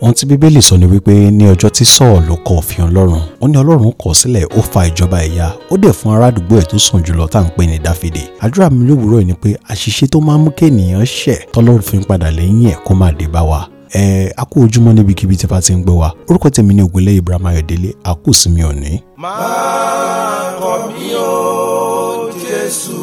ohun tí bíbélì sọ ni wípé ní ọjọ́ tí sọ́ọ̀lù kọ̀ òfin ọlọ́run ó ní ọlọ́run kọ̀ sílẹ̀ ó fa ìjọba ẹ̀yà ó dẹ̀ fún arádùúgbò ẹ̀ tó sàn jùlọ tá à ń pè ní dáfídè àdúrà mi lówùúrọ̀ ni pé àṣìṣe tó máa ń mú kéènìyàn ṣẹ̀ tọ́lọ́run fi ń padà lẹ́yìn ẹ̀ kó má dé bá wa ẹ a kú ojúmọ́ níbikíbi tí bá ti ń gbé wa orúkọ tèmi ní Ògúnlẹ́yẹ Ibrahim Ayọ̀délé a kú sí òní. máa kọ̀ mí o Jésù